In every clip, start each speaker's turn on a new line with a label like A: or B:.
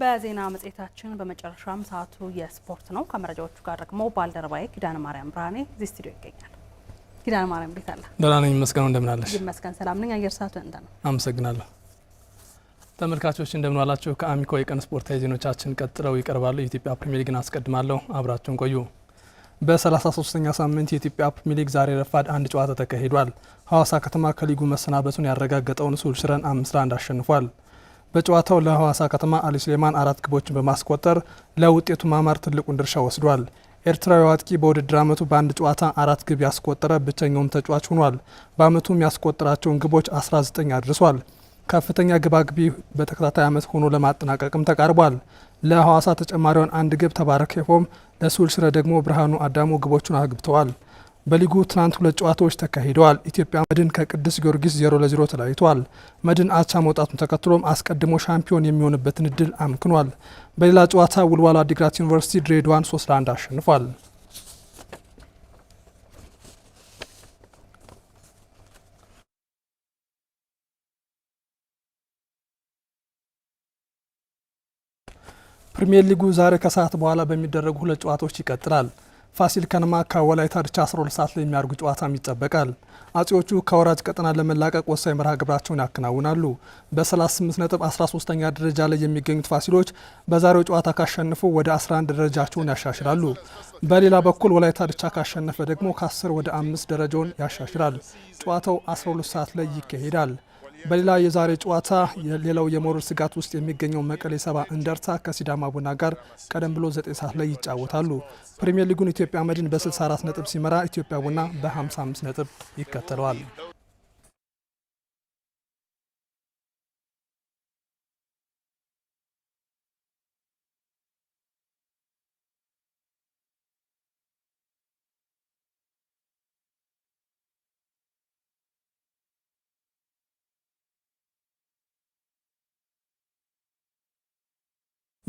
A: በዜና መጽሔታችን በመጨረሻም ሰዓቱ የስፖርት ነው። ከመረጃዎቹ ጋር ደግሞ ባልደረባዬ ኪዳነ ማርያም ብርሃኔ እዚህ ስቱዲዮ ይገኛል። ኪዳነ ማርያም እንዴት አለ?
B: ደህና ነኝ ይመስገነው። እንደምን አለሽ?
A: ይመስገን ሰላም ነኝ። አየር ሰዓቱ እንደ ነው።
B: አመሰግናለሁ። ተመልካቾች እንደምን ከአሚኮ የቀን ስፖርታዊ ዜናዎቻችን ቀጥለው ይቀርባሉ። የኢትዮጵያ ፕሪሚየር ሊግን አስቀድማለሁ። አብራችሁን ቆዩ። በ33ኛ ሳምንት የኢትዮጵያ ፕሪሚየር ሊግ ዛሬ ረፋድ አንድ ጨዋታ ተካሂዷል። ሐዋሳ ከተማ ከሊጉ መሰናበቱን ያረጋገጠውን ሱል ሽረን አምስት ለአንድ አሸንፏል። በጨዋታው ለሐዋሳ ከተማ አሊ ሱሌማን አራት ግቦችን በማስቆጠር ለውጤቱ ማማር ትልቁን ድርሻ ወስዷል። ኤርትራዊ አጥቂ በውድድር ዓመቱ በአንድ ጨዋታ አራት ግብ ያስቆጠረ ብቸኛውም ተጫዋች ሆኗል። በዓመቱም ያስቆጠራቸውን ግቦች 19 አድርሷል። ከፍተኛ ግባግቢ በተከታታይ ዓመት ሆኖ ለማጠናቀቅም ተቃርቧል። ለሐዋሳ ተጨማሪውን አንድ ግብ ተባረክ ሆም፣ ለሱልሽረ ደግሞ ብርሃኑ አዳሙ ግቦቹን አግብተዋል። በሊጉ ትናንት ሁለት ጨዋታዎች ተካሂደዋል። ኢትዮጵያ መድን ከቅዱስ ጊዮርጊስ ዜሮ ለዜሮ ተለያይቷል። መድን አቻ መውጣቱን ተከትሎም አስቀድሞ ሻምፒዮን የሚሆንበትን እድል አምክኗል። በሌላ ጨዋታ ውልዋሎ አዲግራት ዩኒቨርሲቲ ድሬዳዋን 3 ለአንድ 1 አሸንፏል። ፕሪምየር ሊጉ ዛሬ ከሰዓት በኋላ በሚደረጉ ሁለት ጨዋታዎች ይቀጥላል። ፋሲል ከነማ ከወላይታ ድቻ 12 ሰዓት ላይ የሚያደርጉ ጨዋታም ይጠበቃል። አጼዎቹ ከወራጅ ቀጠና ለመላቀቅ ወሳኝ መርሃ ግብራቸውን ያከናውናሉ። በ38 ነጥብ 13ኛ ደረጃ ላይ የሚገኙት ፋሲሎች በዛሬው ጨዋታ ካሸንፉ ወደ 11 ደረጃቸውን ያሻሽላሉ። በሌላ በኩል ወላይታ ድቻ ካሸነፈ ደግሞ ከ10 ወደ 5 ደረጃውን ያሻሽላል። ጨዋታው 12 ሰዓት ላይ ይካሄዳል። በሌላ የዛሬ ጨዋታ ሌላው የመውረድ ስጋት ውስጥ የሚገኘው መቀሌ ሰባ እንደርታ ከሲዳማ ቡና ጋር ቀደም ብሎ ዘጠኝ ሰዓት ላይ ይጫወታሉ። ፕሪምየር ሊጉን ኢትዮጵያ መድን በ64 ነጥብ ሲመራ ኢትዮጵያ ቡና በ55 ነጥብ ይከተለዋል።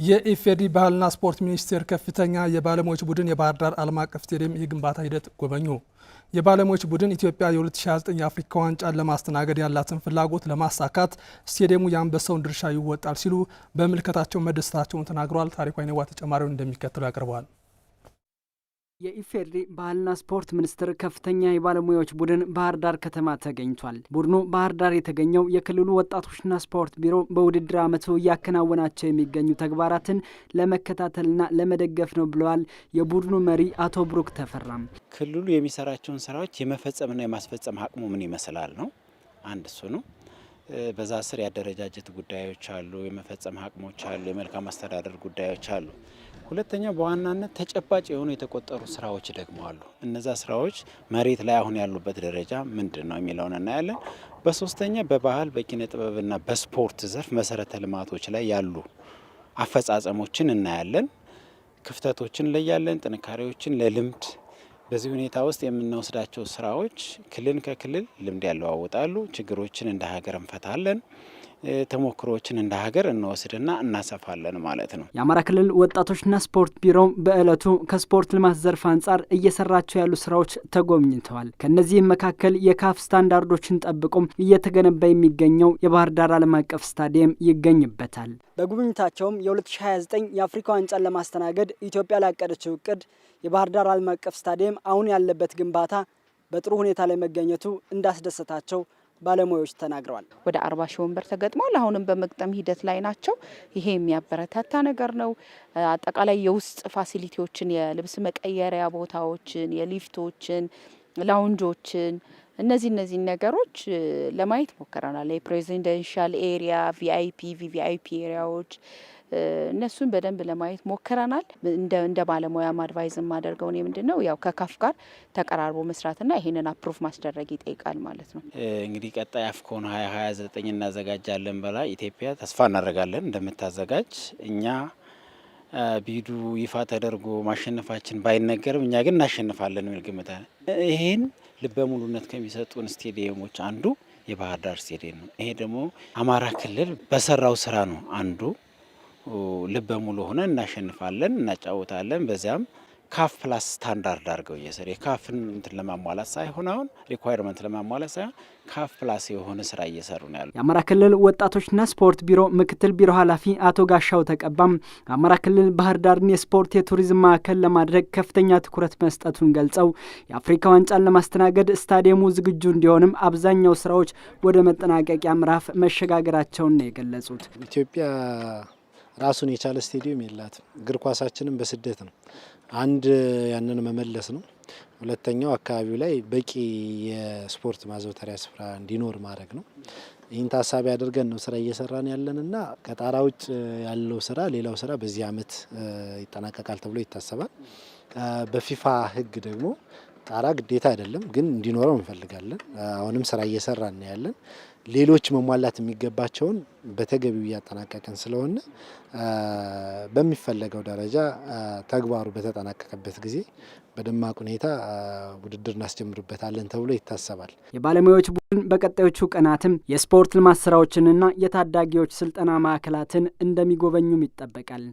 B: የኢፌዲ ባህልና ስፖርት ሚኒስቴር ከፍተኛ የባለሙያዎች ቡድን የባህር ዳር ዓለም አቀፍ ስቴዲየም የግንባታ ሂደት ጎበኙ። የባለሙያዎች ቡድን ኢትዮጵያ የ2029 የአፍሪካ ዋንጫን ለማስተናገድ ያላትን ፍላጎት ለማሳካት ስቴዲየሙ የአንበሳውን ድርሻ ይወጣል ሲሉ በምልከታቸው መደሰታቸውን ተናግረዋል። ታሪኳ ይነዋ ተጨማሪውን እንደሚከተሉ ያቀርበዋል።
C: የኢፌዴሪ ባህልና ስፖርት ሚኒስቴር ከፍተኛ የባለሙያዎች ቡድን ባህር ዳር ከተማ ተገኝቷል። ቡድኑ ባህር ዳር የተገኘው የክልሉ ወጣቶችና ስፖርት ቢሮ በውድድር ዓመቱ እያከናወናቸው የሚገኙ ተግባራትን ለመከታተልና ለመደገፍ ነው ብለዋል የቡድኑ መሪ አቶ ብሩክ ተፈራም።
D: ክልሉ የሚሰራቸውን ስራዎች የመፈጸምና የማስፈጸም አቅሙ ምን ይመስላል ነው አንድ እሱ ነው። በዛ ስር የአደረጃጀት ጉዳዮች አሉ፣ የመፈጸም አቅሞች አሉ፣ የመልካም አስተዳደር ጉዳዮች አሉ። ሁለተኛው በዋናነት ተጨባጭ የሆኑ የተቆጠሩ ስራዎች ደግሞ አሉ። እነዛ ስራዎች መሬት ላይ አሁን ያሉበት ደረጃ ምንድን ነው የሚለውን እናያለን። በሶስተኛ በባህል በኪነ ጥበብና በስፖርት ዘርፍ መሰረተ ልማቶች ላይ ያሉ አፈጻጸሞችን እናያለን። ክፍተቶችን እንለያለን። ጥንካሬዎችን ለልምድ በዚህ ሁኔታ ውስጥ የምንወስዳቸው ስራዎች ክልል ከክልል ልምድ ያለዋወጣሉ። ችግሮችን እንደ ሀገር እንፈታለን። ተሞክሮዎችን እንደ ሀገር እንወስድና እናሰፋለን ማለት ነው።
C: የአማራ ክልል ወጣቶችና ስፖርት ቢሮ በዕለቱ ከስፖርት ልማት ዘርፍ አንጻር እየሰራቸው ያሉ ስራዎች ተጎብኝተዋል። ከእነዚህም መካከል የካፍ ስታንዳርዶችን ጠብቆም እየተገነባ የሚገኘው የባህር ዳር ዓለም አቀፍ ስታዲየም ይገኝበታል።
E: በጉብኝታቸውም የ2029 የአፍሪካ ዋንጫን ለማስተናገድ ኢትዮጵያ ላቀደችው እቅድ የባህር ዳር ዓለም አቀፍ ስታዲየም አሁን ያለበት ግንባታ በጥሩ ሁኔታ ላይ መገኘቱ እንዳስደሰታቸው ባለሙያዎች ተናግረዋል።
F: ወደ አርባ ሺህ ወንበር ተገጥመዋል አሁንም በመግጠም ሂደት ላይ ናቸው። ይሄ የሚያበረታታ ነገር ነው። አጠቃላይ የውስጥ ፋሲሊቲዎችን፣ የልብስ መቀየሪያ ቦታዎችን፣ የሊፍቶችን፣ ላውንጆችን እነዚህ እነዚህን ነገሮች ለማየት ሞክረናል። የፕሬዚደንሻል ኤሪያ፣ ቪአይፒ፣ ቪቪአይፒ ኤሪያዎች እነሱን በደንብ ለማየት ሞክረናል። እንደ ባለሙያም አድቫይዝ የማደርገው እኔ ምንድን ነው ያው ከካፍ ጋር ተቀራርቦ መስራትና ይህንን አፕሩቭ ማስደረግ ይጠይቃል ማለት ነው።
D: እንግዲህ ቀጣይ አፍኮን ዘጠኝ እናዘጋጃለን በላ ኢትዮጵያ ተስፋ እናደርጋለን እንደምታዘጋጅ እኛ ቢዱ ይፋ ተደርጎ ማሸነፋችን ባይነገርም እኛ ግን እናሸንፋለን የሚል ግምት አለ። ይህን ልበሙሉነት ከሚሰጡን ስቴዲየሞች አንዱ የባህር ዳር ስቴዲየም ነው። ይሄ ደግሞ አማራ ክልል በሰራው ስራ ነው አንዱ ልበ ሙሉ ሆነ እናሸንፋለን፣ እናጫወታለን። በዚያም ካፍ ፕላስ ስታንዳርድ አድርገው እየሰሩ የካፍን እንትን ለማሟላት ሳይሆን አሁን ሪኳይርመንት ለማሟላት ሳይሆን ካፍ ፕላስ የሆነ ስራ እየሰሩ ነው ያሉ
C: የአማራ ክልል ወጣቶችና ስፖርት ቢሮ ምክትል ቢሮ ኃላፊ አቶ ጋሻው ተቀባም አማራ ክልል ባህር ዳርን የስፖርት የቱሪዝም ማዕከል ለማድረግ ከፍተኛ ትኩረት መስጠቱን ገልጸው የአፍሪካ ዋንጫን ለማስተናገድ ስታዲየሙ ዝግጁ እንዲሆንም አብዛኛው ስራዎች ወደ መጠናቀቂያ ምዕራፍ መሸጋገራቸውን ነው የገለጹት።
G: ኢትዮጵያ ራሱን የቻለ ስቴዲየም የላትም። እግር ኳሳችንም በስደት ነው። አንድ ያንን መመለስ ነው። ሁለተኛው አካባቢው ላይ በቂ የስፖርት ማዘውተሪያ ስፍራ እንዲኖር ማድረግ ነው። ይህን ታሳቢ አድርገን ነው ስራ እየሰራን ያለንና ከጣራ ውጭ ያለው ስራ ሌላው ስራ በዚህ አመት ይጠናቀቃል ተብሎ ይታሰባል። በፊፋ ህግ ደግሞ ጣራ ግዴታ አይደለም፣ ግን እንዲኖረው እንፈልጋለን። አሁንም ስራ እየሰራ እናያለን ሌሎች መሟላት የሚገባቸውን በተገቢው እያጠናቀቅን ስለሆነ በሚፈለገው ደረጃ ተግባሩ በተጠናቀቀበት ጊዜ በደማቅ ሁኔታ ውድድር እናስጀምርበታለን ተብሎ ይታሰባል።
C: የባለሙያዎች ቡድን በቀጣዮቹ ቀናትም የስፖርት ልማት ስራዎችንና የታዳጊዎች ስልጠና ማዕከላትን እንደሚጎበኙም ይጠበቃል።